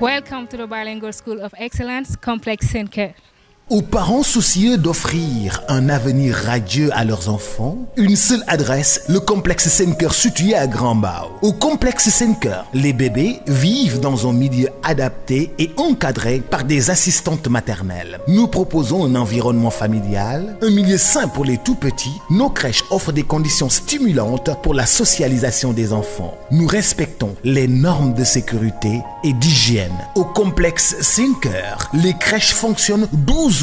Welcome to the Bilingual School of Excellence, Complex Syncare. Aux parents soucieux d'offrir un avenir radieux à leurs enfants, une seule adresse, le complexe Senker situé à Grand Mbao. Au complexe Senker, les bébés vivent dans un milieu adapté et encadré par des assistantes maternelles. Nous proposons un environnement familial, un milieu sain pour les tout-petits. Nos crèches offrent des conditions stimulantes pour la socialisation des enfants. Nous respectons les normes de sécurité et d'hygiène. Au complexe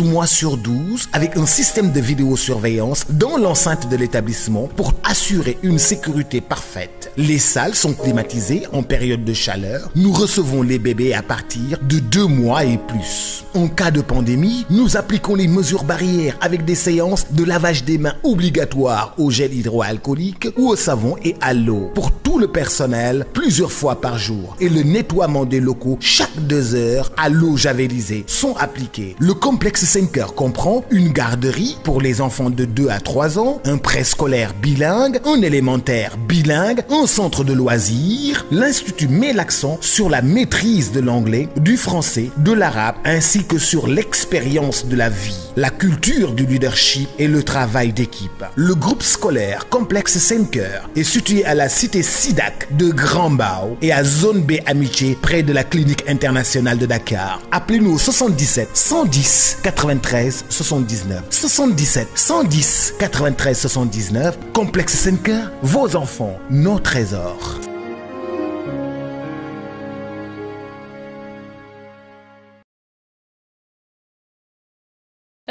12 mois sur 12 avec un système de vidéosurveillance dans l'enceinte de l'établissement pour assurer une sécurité parfaite. Les salles sont climatisées en période de chaleur. Nous recevons les bébés à partir de 2 mois et plus. En cas de pandémie, nous appliquons les mesures barrières avec des séances de lavage des mains obligatoires au gel hydroalcoolique ou au savon et à l'eau pour tout le personnel plusieurs fois par jour et le nettoiement des locaux chaque deux heures à Max 5 heures comprend une garderie pour les enfants de 2 à 3 ans, un préscolaire bilingue, un élémentaire bilingue, un centre de loisirs. L'Institut met l'accent sur la maîtrise de l'anglais, du français, de l'arabe, ainsi que sur l'expérience de la vie, la culture du leadership et le travail d'équipe. Le groupe scolaire Complexe 5 heures est situé à la cité SIDAC de Grand Bao et à Zone B Amitié près de la clinique internationale de Dakar. 93 79 77 110 93 79 complexe Senker vos enfants nos trésors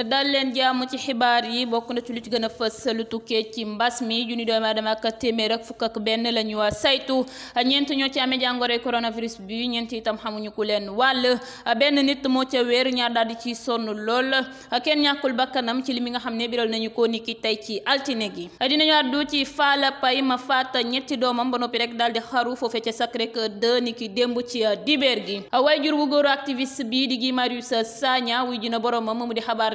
dal leen jaamu ci xibaar yi bokk na ci lu gën a fës lu tukkee ci mbas mi junni doomi aadama ak téeméer ak fukk ak benn la ñu saytu ñeent ñoo ci amee jàngoroy coronavirus bi ñeent itam xamuñu ko leen wàll benn nit moo ca wéer ñaar daal di ci sonn lool kenn ñàkkul bakkanam ci li mi nga xam ne biral nañu ko niki tey ci altine gi dinañu àddu ci faala pay ma faat ñetti doomam ba noppi rek daal di xaru foofe ca Sacré-Cœur 2 niki démb ci dibeer gi waajur wu góoru activiste bi di Guy Marius Sagna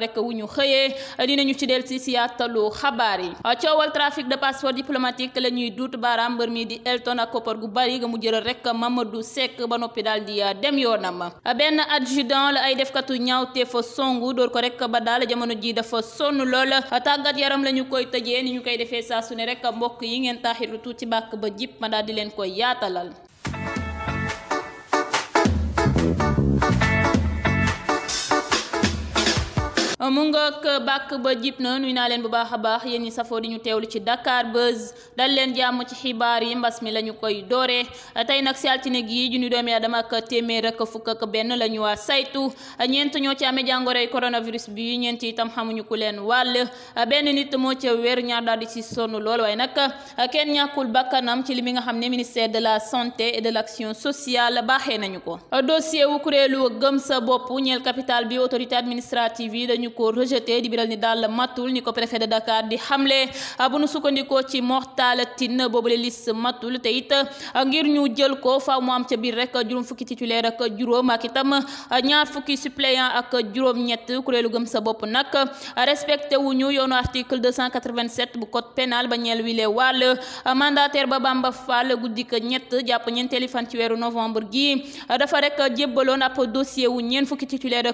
rek wu ñu xëyee dinañu ci del si siyaatalu xabaar yi a coowal trafic de passeport diplomatique la ñuy duut baaraam mbër mi di Elton ak koppar gu bari ga mu jëral rek Mamadou Seck ba noppi daal di dem yoonam benn adjudant la ay defkatu ñaawte fa songu door ko rek ba daal jamono ji dafa sonn lool tàggat yaram la ñu koy tëjee ni ñu koy defee saa su ne rek mbokk yi ngeen taaxilu tuuti bàkk ba jip ma daal di leen koy yaatalal mu ngoog bàkk ba jib na nuy naa leen bu baax a baax yéen safoo di ñu teewlu ci Dakar Buzz dal leen jàmm ci xibaar yi mbas mi la ñu koy dooree tey nag si altine gi junni doomi aadama ak téeméer ak fukk ak benn la ñu waa saytu ñeent ñoo ci amee jàngoroy coronavirus bi ñeent itam xamuñu ku leen wàll benn nit moo ca weer ñaar daal di si sonn lool waaye nag kenn ñàkkul bakkanam ci li mi nga xam ne ministère de la santé et de l' action sociale baaxee nañu ko ko rejeté di biral ni daal matul ni ko préfet de Dakar di xamle ah, bu nu sukkandikoo ci mortal tin boobule liste matul te it ah, ngir ñu jël ko faaw mu am ca biir rek juróom juróom ak itam ah, ñaar fukki suppléant ak juróom-ñett kuréelu gëm sa bopp nag respecté wu ñu yoonu article 287 bu code pénal ba ñeel wi lee wàll mandataire ba Bamba Fall guddik ñett jàpp ñeenteeli fan ci weeru novembre gi dafa rek jébbaloon ab dossier wu ñeen fukki titulaire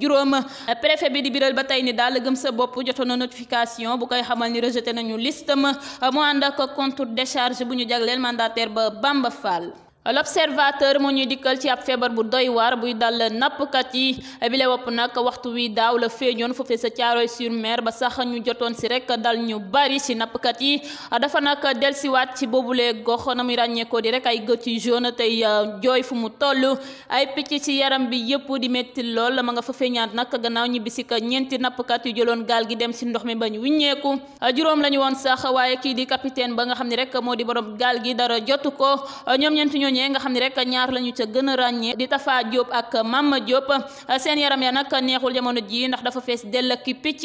juróom préfet bi di biral ba tey ni daal gëm sa bopp jotoon na notification bu koy xamal ni rejeté nañu liste ma mu ànd ak contre décharge bu ñu jagleel mandataire ba Bamba Fall l'observateur moo ñuy dikkal ci ab feebar bu doy waar buy dal nappkat yi bile wopp nag waxtu wi daaw la feeñoon foofee sa caaroy sur mer ba sax ñu jotoon si rek dal ñu bari si nappkat yi dafa nag delsiwaat ci boobulee gox na muy ràññeekoo di rek ay gët yu tey euh, jooy fu mu toll ay picc ci yaram bi yëpp di métti lool ma nga fa feeñaat nag gannaaw ñibbi si ka ñeenti nappkat yu jëloon gaal gi dem si ndox mi bañ wiññeeku juróom lañu ñu woon sax waaye kii di capitaine ba nga xam ne rek moo di borom gaal gi dara jotu ko ñoom ñeenti ñoo ñooñee nga xam ne rek ñaar lañu ca gën a ràññee di Tafa Diop ak Mama Diop seen yaram ya nag neexul jamono ji ndax dafa fees dell i picc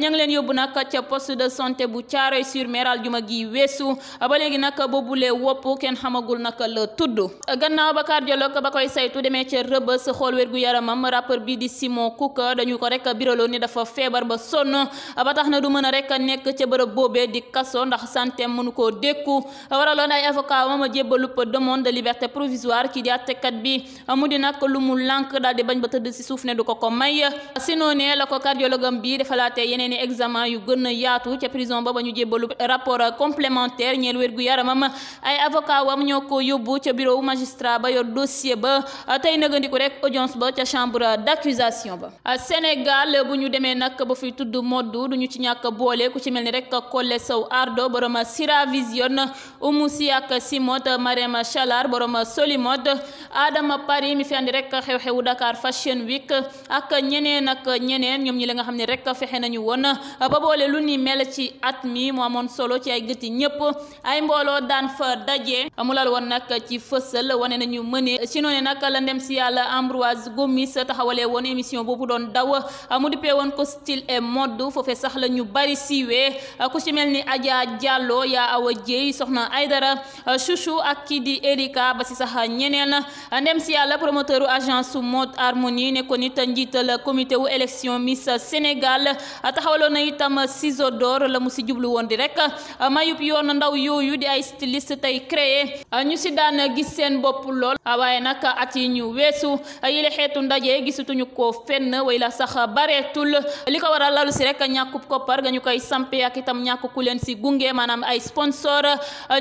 ña ngi leen yóbbu nag ca poste de santé bu Thiaroye sur Mer aljuma gi weesu ba léegi nag boobulee wopp kenn xamagul nag la tudd gannaaw ba cardiologue ba koy saytu demee ca rëbës xool wérgu yaramam rappeur bi di Simon Cook dañu ko rek biraloo ni dafa feebar ba sonn ba tax na du mën a rek nekk ca bërëb boobee di kaso ndax santé mënu koo dékku liberté provisoire kii di àttekat bi mu di nag lu mu lànk daal bañ ba tëdd si suuf ne du ko ko may si noonee la ko cardiologue am bi defalaatee yeneen examen yu gën a yaatu ca prison ba ba ñu jébbalu rapport complémentaire ñeel wér gu yaramam ay avocat wam ñoo ko yóbbu ca bureau magistrat ba yor dossier ba tey nagandiku rek audience ba ca chambre d'accusation ba Sénégal bu ñu demee nag ba fi tudd moddu du ñu ci ñàkk boole ku ci mel ni rek Collé Sow Ardo borom Sira borom soli mode Adama Paris mi fi andi xew-xewu Dakar Fashion Week ak ñeneen ak ñeneen ñoom ñi la nga xam ne rek fexe nañu woon ba boole lu ni mel ci at mi mu amoon solo ci ay gët yi ñëpp ay mbooloo daan fa daje mu lal woon nag ci fësal wane nañu mëne ci noonu nag la ndem si yàlla Ambroise Gomis taxawalee woon émission boobu doon daw mu duppee woon ko style et mode foofee sax la ñu bari siiwee ku ci mel ni Adja Diallo yaa awa jéy soxna Aydara chouchou ak kii Sala ba si sax ñeneen ndem si yàlla promoteur u agence Mode Harmonie nekkoon it njiital comité wu élection Miss Sénégal taxawaloon na itam ciseau d'or la mu si jublu woon di rek mayub yoon ndaw yooyu di ay styliste tey créé ñu si daan gis seen bopp lool waaye nag at yi ñu weesu yile xeetu ndaje gisatuñu ko fenn way la sax bareetul li ko waral lalu si rek ñàkku koppar nga ñu koy sampe ak itam ñàkk ku leen si gunge maanaam ay sponsor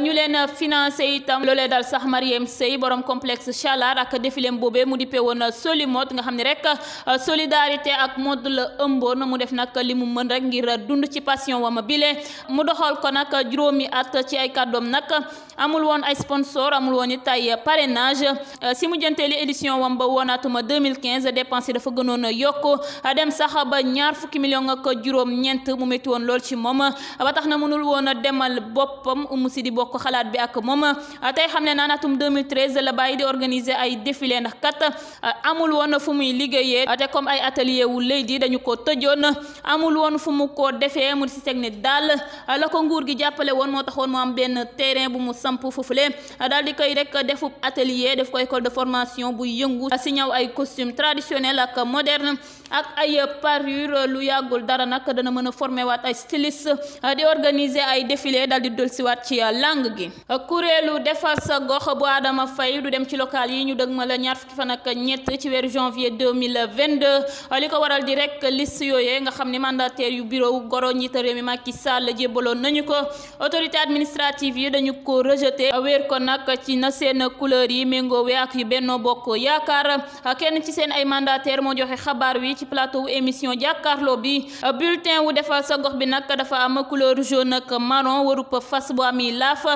ñu leen financé itam loolee dal sax Marie Mariam Sey borom complexe Chalar ak défilém boobee mu dippee woon soli xam ne rek solidarité ak mode la ëmboon mu def nag li mu mën rek ngir dund ci passion wama bile mu doxal ko nag juróomi at ci ay kàddoom nag amul woon ay sponsor amul woon it ay parrainage si mu jënteeli édition wam ba woon atuma 2015 dépense yi dafa gënoon a yokk dem sax ba ñaar million ak juróom ñeent mu métti lool ci moom ba tax na mënul woon a demal boppam umu si di bokk xalaat bi ak moom tey xam ne naan atum 2013 la bàyyi di organiser ay défilé ndax kat euh, amul woon fu muy liggéeyee te comme ay atelier wu lay di dañu ko tëjoon amul woon fu mu ko defee mu si teg ne daal la ko nguur gi jàppale woon moo taxoon mu am benn terrain bu mu samp foofule daal di koy rek defub atelier def ko école de formation bu yëngu si ñaw ay costume traditionnel ak moderne ak ay parure lu yàggul dara nag dana mën a formé waat ay styliste di organiser ay défilé daal di dolsiwaat ci langue gi Adama Faye du dem ci local yi ñu dëgmal ñaar fukki fan ak ñett ci weeru janvier 2022 li ko waral di rek liste yooyee nga xam ne mandataire yu bureau goro njiitu réew mi Macky Sall jébbaloon nañu ko autorité administrative yi dañu ko rejeté wéer ko nag ci na seen couleur yi méngoowee ak yu Benno Bokk Yaakaar kenn ci seen ay mandateer moo joxe xabaar wi ci plateau émission jàkkaarloo bi bulletin wu defal sa gox bi nag dafa am couleur jaune ak marron warub fas bu ami laaf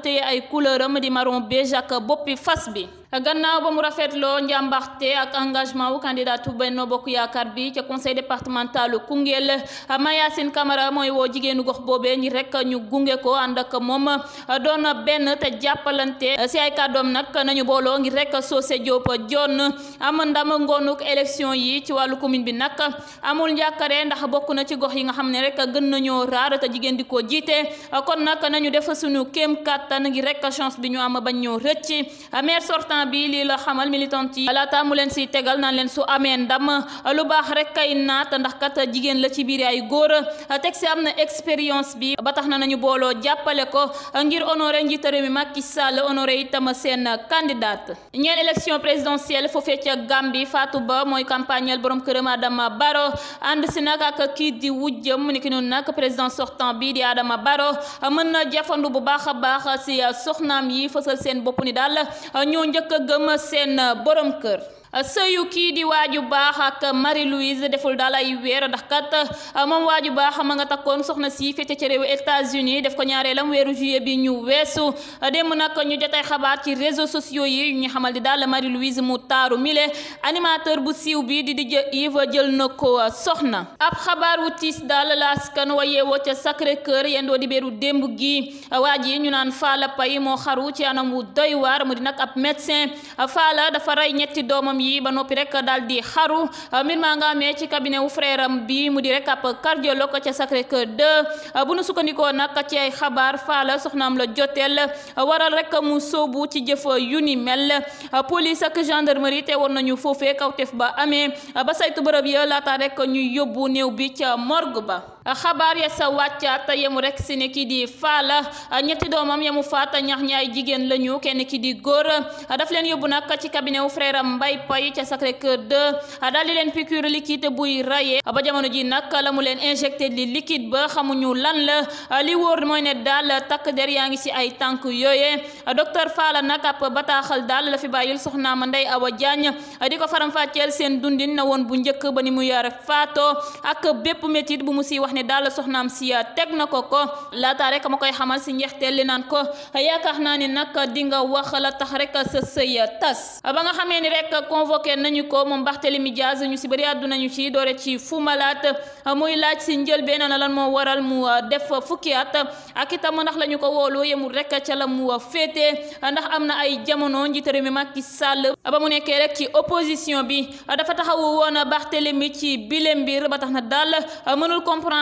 te couleur am di marron beige ak boppi fas bi a gannaaw ba mu rafetloo njàmbaxte ak engagement wu candidat bu Benno Bokk Yaakaar bi ca conseil départemental Koungheul Mayacine Camara mooy woo jigéenu gox boobee ñi rek ñu gunge ko ànd ak moom doon benn te jàppalante si ay kàddoom nag nañu booloo ngir rek Socé Diop John am ndam ngoonuk élection yi ci wàllu commune bi nag amul njàkkare ndax bokk na ci gox yi nga xam ne rek gën nañoo raar te jigéen di ko jiite kon nag nañu def suñu kem kàttan ngir rek chance bi ñu am bañ ñoo rëcc maire sortant militant bi lii la xamal militant yi laata mu leen si tegal naan leen su amee ndam lu baax rek kay naat ndax kat jigéen la ci biir ay góor teg si am na expérience bi ba tax na nañu booloo jàppale ko ngir honoré njiitu réew mi Macky Sall honoré itam seen candidate ñeen élection présidentielle foofee ca Gambie faatu Ba mooy campagnel borom këram dama Baro ànd si nag ak kii di wujjam mu ni ki noonu nag président sortant bi di Adama Baro mën na jafandu bu baax a baax si yi fësal ni daal a gëm naa euh, borom kër sëyu kii di waa ju baax ak Marie Louise deful daal ay weer a ndax kat moom ju baax am a nga takkoon soxna si fecc ca réewu États-Unis def ko ñaareelam weeru juillet bi ñu weesu démb nag ñu jotee xabaar ci réseau sociaux yi ñu xamal di daal Marie Louise mu taaru mile animateur bu siiw bi di di DJ Yves jël na ko soxna ab xabaar wu tiis daal la askan wa yeewoo ca Sacré-Cœur yendoo di beeru démb gi waaj yi ñu naan Falla Paye moo xaru ci anam wu doy waar mu di nag ab médecin Falla dafa ñetti doomam doom yi ba noppi rek daal di xaru euh, mbir maa nga amee ci cabinet wu frère bi mu di rek ab cardiologue ca Sacré Cœur euh, bu nu sukkandikoo nag ci ay xabaar faala soxnaam la joteel euh, waral rek mu sóobu ci jëf yu ni mel police ak gendarmerie teewoon nañu foofee kawteef ba amee ba saytu bërëb ya laata rek ñuy yóbbu néew bi ca morgue ba xabaar ya sa wàccaat yemu rek si ne kii di faala ñetti doomam yemu faata ñax ñaay jigéen la ñu kenn kii di góor daf leen yóbbu nag ci cabinet wu mbay Mbaye Paye ca Sacré Cœur 2 daal di leen piqûre liquide buy rayee ba jamono ji nag lamu leen injecté li liquide ba xamuñu lan la li wóor mooy ne daal takk der yaa ngi si ay tànk yooyee docteur Faala nag ab bataaxal daal la fi bàyyil ma soxnaam Ndeye Awa Diagne di ko faram-fàcceel seen dundin na woon bu njëkk ba ni mu yar faatoo wax ne daal soxnaam si ah, teg na ko ko laata rek ma koy xamal si njeexteel li naan ko ah, yaakaar naa ni nag di nga wax la tax rek sa sëy ah, tas ba nga xamee ni rek convoqué nañu ko moom Barthélémy Diaz ñu si bëri àddu nañu ci doore ci Fou a muy laaj si njëlbeen na lan moo waral mu def fukki at ak itam ndax la ñu ko woolu yemul rek ca la mu féete ndax am na ay jamono njiitu réew mi Macky Sall ba mu nekkee rek ci opposition bi dafa taxawu woon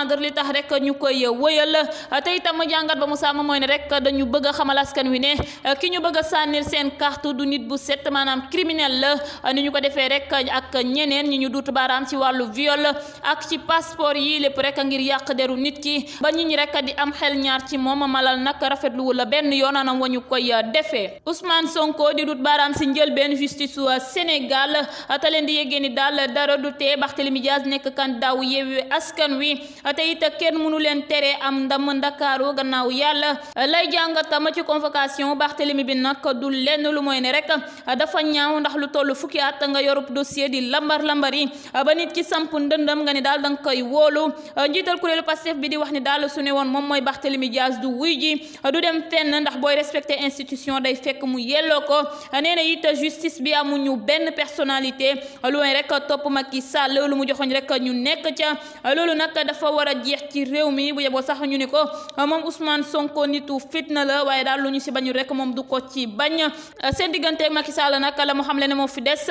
défendre li tax rek ñu koy wëyal te itam jàngat ba mu sàmm mooy ne rek dañu bëgg xamal askan wi ne ki ñu bëgg a sànnil seen carte du nit bu set maanaam criminel la ni ñu ko defee rek ak ñeneen ñi ñu duut baaraam ci wàllu viol ak ci passeport yi lépp rek ngir yàq deru nit ki ba nit ñi rek di am xel ñaar ci moom a malal nag rafetlu wu la benn yoon anam wa ñu koy defee Ousmane Sonko di duut baaraam si njëlbeen justice su Sénégal te leen di yéggee ni daal dara du tee Barthélémy Dias nekk candidat wu Yewwi Askan Wi te it kenn mënu leen tere am ndam ndakaaru gannaaw yàlla lay jàngatam ci convocation Barthélemy bi nag du lenn lu mooy ne rek dafa ñaaw ndax lu toll fukki at nga yorub dossier di lambar lambar yi ba nit ki samp ndëndam nga ne daal danga koy wóolu njiital kuréelu Pastef bi di wax ni daal su ne woon moom mooy Barthélemy Dias du wuy ji du dem fenn ndax booy respecté institution day fekk mu yelloo ko nee na it justice bi amuñu benn personnalité lu mooy rek topp Macky Sall loolu mu joxoñ rek ñu nekk ca war a jeex ci réew mi bu yeboo sax ñu ni ko moom Ousmane Sonko nitu fitna la waaye daal lu ñu si bañu rek moom du ko ci bañ seen diggante ak la Sall la mu xam le ne moo fi des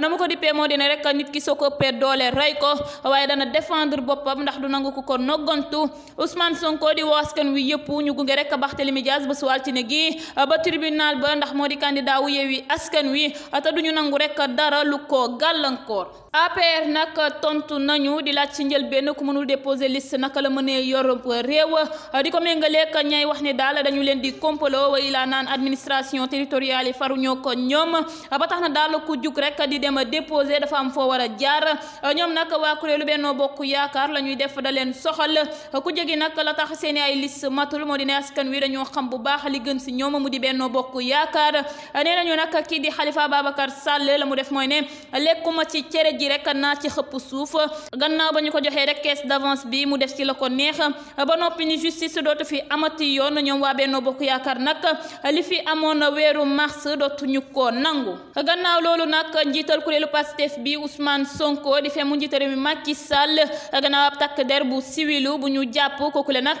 na mu ko dippee moo dina rek nit ki soo ko ëppee doole rey ko waaye dana défendre boppam ndax du nangu ko ko noggantu Ousmane Sonko di woo askan wi yëpp ñu gunge rek Barthélémy Dias ba suwaal ci ne gi ba tribunal ba ndax moo di candidat wu Yewwi Askan Wi te duñu nangu rek dara lu ko gàllankoor APR nag tontu nañu di laaj ci njëlbéen ku mënul liste naka la mënee yor réew di ko méngaleeg ñay wax ne daal dañu leen di komplo way laa naan administration territoriale yi faruñoo ko ñoom ba tax na daal ku jug rek di dem déposer dafa am foo war a jaar ñoom nag waa kuréelu Benno la ñuy def da a soxal ku jegi nag la tax seen ay liste matul moo di ne askan wi dañoo xam bu baax li gën si ñoom mu di Benno Bokk Yaakaar nee nañu nag kii di Khalifa Babacar Sall la mu def mooy ne lekkuma ci cere ji rek naa ci xëpp suuf gannaaw ba ñu ko joxee rek caisse d'avance yi mu def ci la ko neex ba noppi ni justice dootu fi amati yoon ñoom waa Benno Bokk Yaakaar nag li fi amoon weeru mars dootu ñu ko nangu gannaaw loolu nag njiital kuréelu Pastef bi Ousmane Sonko di fee mu njiital mi Macky Sall gannaaw ab takk der bu siwilu bu ñu jàpp kooku le nag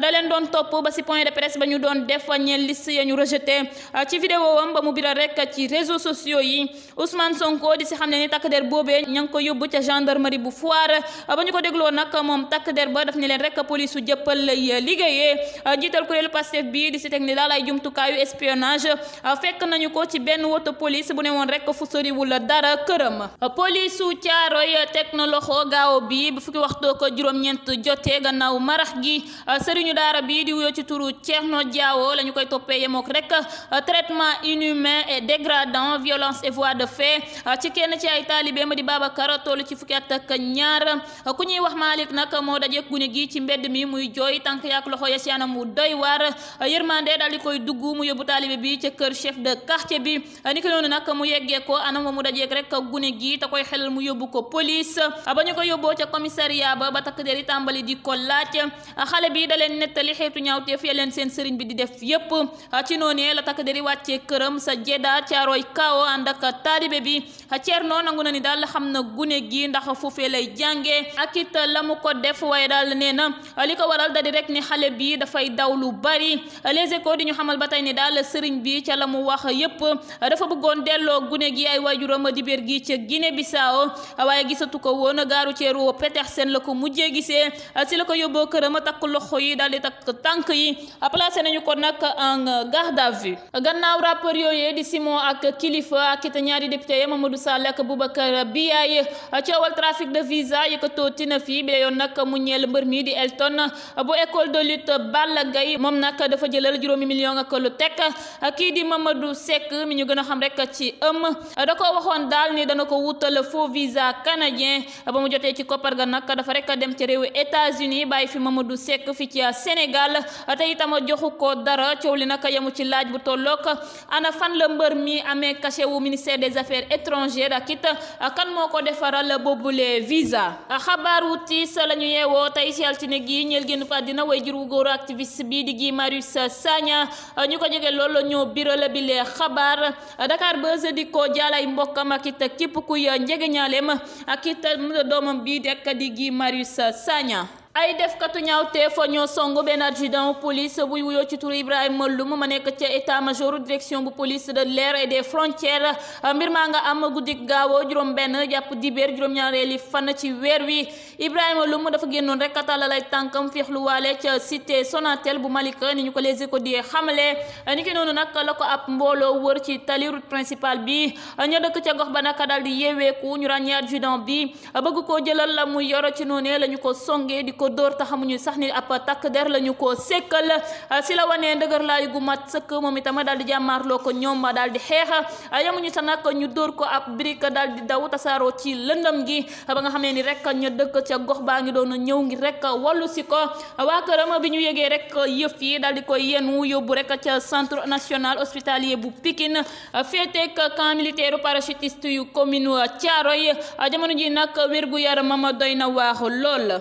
da leen doon topp ba si point de presse ba ñu doon def ñeel liste ya ñu rejeté ci vidéo am ba mu biral rek ci réseaux sociaux yi Ousmane Sonko di si xam ne ni takk der boobee ña ngi ko yóbbu ca gendarmerie bu Foire takk der ba daf ne leen rek police su jëppal lay euh, liggéeyee euh, jiital kuréelu Pastef bii di si teg ni daal ay jumtukaayu espionnage euh, fekk nañu ko ci benn woto police bu ne woon rek fu soriwul dara këram police su caaroy teg na loxo gaaw bi bu fukki waxtoo ko juróom-ñeent jotee gannaaw marax gi sëriñu daara bii di wuyoo ci turu ceex Diawo la ñu koy toppee yemook rek traitement inhumain et dégradant violence et voies de fait ci kenn ci ay taalibee ma di Babacar toll ci fukki at moo dajeeg gune gi ci mbedd mi muy jooy tànk yaak loxo ya si anam wu doy waar yërmande daal di koy dugg mu yóbbu taalibe bi ca kër chef de quartier bi ni ko noonu nag mu yeggee ko anam wa mu dajeeg rek gune gi te koy xelal mu yóbbu ko police bi da leen nangu na ni daal xam na gune gi ndax foofee lay jàngee ak it la mu ko def waaye daal nee na li ko waral da di rek ni xale bi dafay daw lu bari les échos di ñu xamal ba tey ni daal sëriñ bi ca la mu wax yépp dafa bëggoon delloo gune gi ay waajuram di bér gi ca Guinée Bissau waaye gisatu ko woon gaaru ceeru Petersen la ko mujjee gisee si la ko yóbboo këram takk loxo yi daal di takk tànk yi placé nañu ko nag en garde à vue gannaaw rappeur yooyee di Simon ak Kilifeu ak ita ñaari député ya a Sall ak Boubacar Biaye coowal trafic de visa yëkkatoo nag mu ñeel mbër mii di Elton bu école de lutte Balla Gaye moom nag dafa jëlal juróomi million ak lu a kii di Mamadou Seck mi ñu gën a xam rek ci ëm da ko waxoon daal ni dana ko wutal faux visa canadien ba mu jotee ci koppar ga nag dafa rek dem ci réewu États-Unis bàyyi fi du Seck fi ci Sénégal te itam joxu ko dara coow li nag yemu ci laaj bu tollook ana fan la mbër mi amee cachet wu ministère des affaires étrangères ak it kan moo ko defaral boobule yeewoo tey si altine gi ñeel génn fa dina way jur wu góoru activiste bii di Guy Marius Sagna ñu ko jege loolu ñoo biral bi lee xabaar Dakar Buzz di ko jaalay mbokkam ak it képp kuy njege ñaaleem ak it doomam bii dekk di Guy Marius Sagna ay defkatu ñaawtee fa ñoo song benn adjudant police buy wuyoo ci turu Ibrahima Loum ma nekk ca état major direction bu police de l'air et des frontières mbir maa nga am guddik gaawoo juróom benn jàpp dibéer juróom-ñaareeli fan ci weer wi Ibrahima Loum dafa génnoon rek tàllalay tànkam féexluwaale ca cité Sonatel bu Malika ni ñu ko Les Échos di xamale ni ki noonu nag la ko ab mbooloo wër ci tali route principale bi ña dëkk ca gox ba naka daal di yeeweeku ñu ràññee adjudant bi bëgg koo jëlal la mu yoro ci noonee la ko songee di ko ko dóor te xamuñu sax ni ab takk der la ñu koo sekkal si la wanee ndëgër laay gu mat sëkk moom itam daal di jàmmaarloo ko ñoom daal di xeex yamuñu sa nag ñu dóor ko ab brique daal di daw tasaaroo ci lëndam gi ba nga xam ne ni rek ñu dëkk ca gox baa ngi doon ñëw ngi rek wallu si ko waa këram bi ñu yëgee rek yëf yi daal di koy yéen wu yóbbu rek ca centre national hospitalier bu Pikine féeteek camp militaire parachutiste yu commune Thiaroye jamono ji nag wér gu yaramam doy na waax lool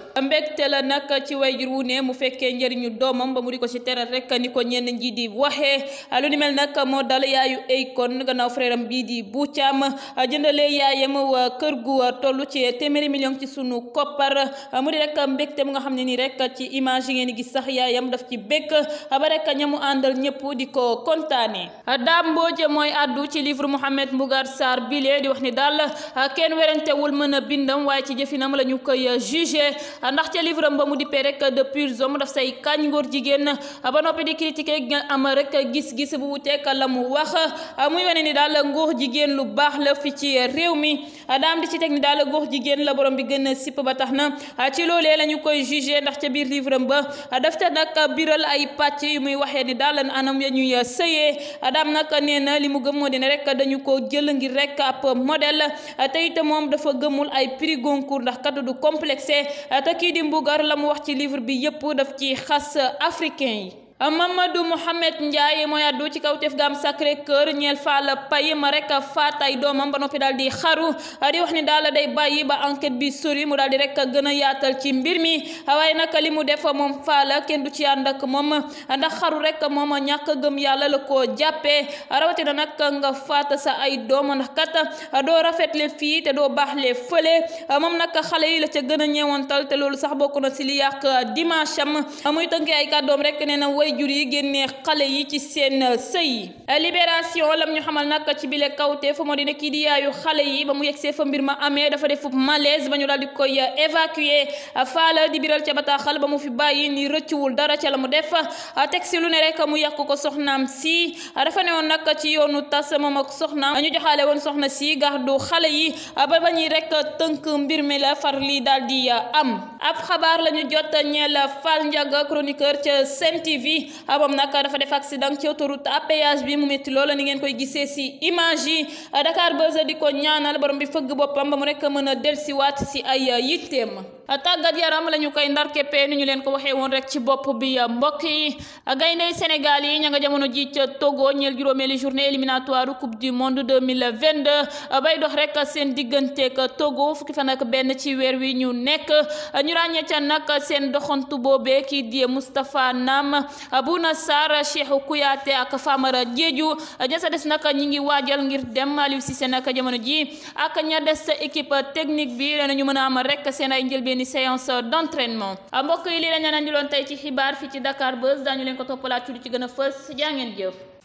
nag ci wayjur wu ne mu fekkee njëriñu doomam ba mu di ko ci teral rek ni ko ñenn nji di waxee lu ni mel nag moo dal yaayu Akon gannaaw frère am bii di Bou Thiam jëndalee yaayam wa kër gu toll ci téeméeri million ci sunu koppar mu di rek mbégte mu nga xam ne nii rek ci image yi ngeen gis sax yaayam daf ci békk ba rek ñamu àndal ñëpp di ko kontaane Dame Mbodj mooy addu ci livre Mouhamed Mbougar Sarr bile di wax ni daal kenn werantewul mën a bindam waaye ci jëfinam la article ba mu dippee rek de purs hommes daf say kañ ngóor jigéen ba noppi di critiquer nga am rek gis-gis bu mu wuteek la mu wax muy wane ni daal ngóor jigéen lu baax la fi ci réew mi daam di ci teg ni daal ngóor jigéen la borom bi gën a sipp ba tax na ci loolee la ñu koy jugé ndax ca biir livre ba def ca nag biral ay pàcc yu muy waxee ni daal anam ya ñuy sëyee daam nag nee na li mu gëm moo di rek dañu ko jël ngir rek ab modèle te it moom dafa gëmul ay prix Goncourt ndax kat du Sugar la mu wax ci livre bi yépp daf ci xas africain yi Mamadou Mouhamed Ndiaye mooy àddu ci kaw ceef gaam Sacré Cœur ñeel Fall Paye ma rek faat ay doomam ba noppi daal di xaru di wax ni daal day bàyyi ba enquête bi sori mu daal di rek gën a yaatal ci mbir mi waaye nag li mu def a moom Fall kenn du ci ànd ak moom a ndax xaru rek moom a ñàkk gëm yàlla la ko jàppee rawatina nag nga faat sa ay doom ndax kat doo rafet rafetle fii te doo baax baaxle fële moom nag xale yi la ca gën a ñeewantal te loolu sax bokk na si li yàq dimanche am muy wayjur yi génnee xale yi ci seen uh, sëy uh, libération lam ñu xamal nag ci bile kawte fa moo dina kii di yaayu xale yi ba mu yegsee fa mbir ma amee dafa def malaise ba ñu uh, ba mu fi bàyyi ni rëccuwul dara ca la mu def a si lu ne rek mu yàq ko soxnaam a dafa ne woon nag ci yoonu tas moom ak soxnaam ñu joxaale woon soxna si gardu xale yi ba ba ñuy rek tënk mbir mi la far li daal di am ab xabaar la jot ñeel Fall Ndiaga chroniqueur ca Sen TV bi moom nag dafa def accident ci autoroute à péage bi mu métti loola ni ngeen koy gisee si image yi Dakar Buzz di ko ñaanal borom bi fëgg boppam ba mu rek mën a dellusiwaat si ay yitteem. tàggat yaram lañu koy ndar keppee ni ñu leen ko waxee woon rek ci bopp bi mbokk yi gaynde Sénégal yi ña nga jamono ji ca Togo ñeel juróomeeli journée éliminatoire coupe du monde 2022 bay dox rek seen digganteeg Togo fukki fa ak benn ci weer wi ñu nekk ñu ràññee ca nag seen doxantu boobee kii di Moustapha Nam Bouna Sarr Cheikh Kouyaté ak Famara Diédhiou ña sa des nag ñi ngi waajal ngir dem Aliou Cissé nag jamono ji ak ña des sa équipe technique bi danañu mën a am rek seen ay njëlbeeni séance d'entraînement ah, mbokk yi lii la ñu di loon tey ci xibaar fii ci Dakar Buzz daañu leen ko toppalaat ci lu ci gën a fës jaa ngeen jëf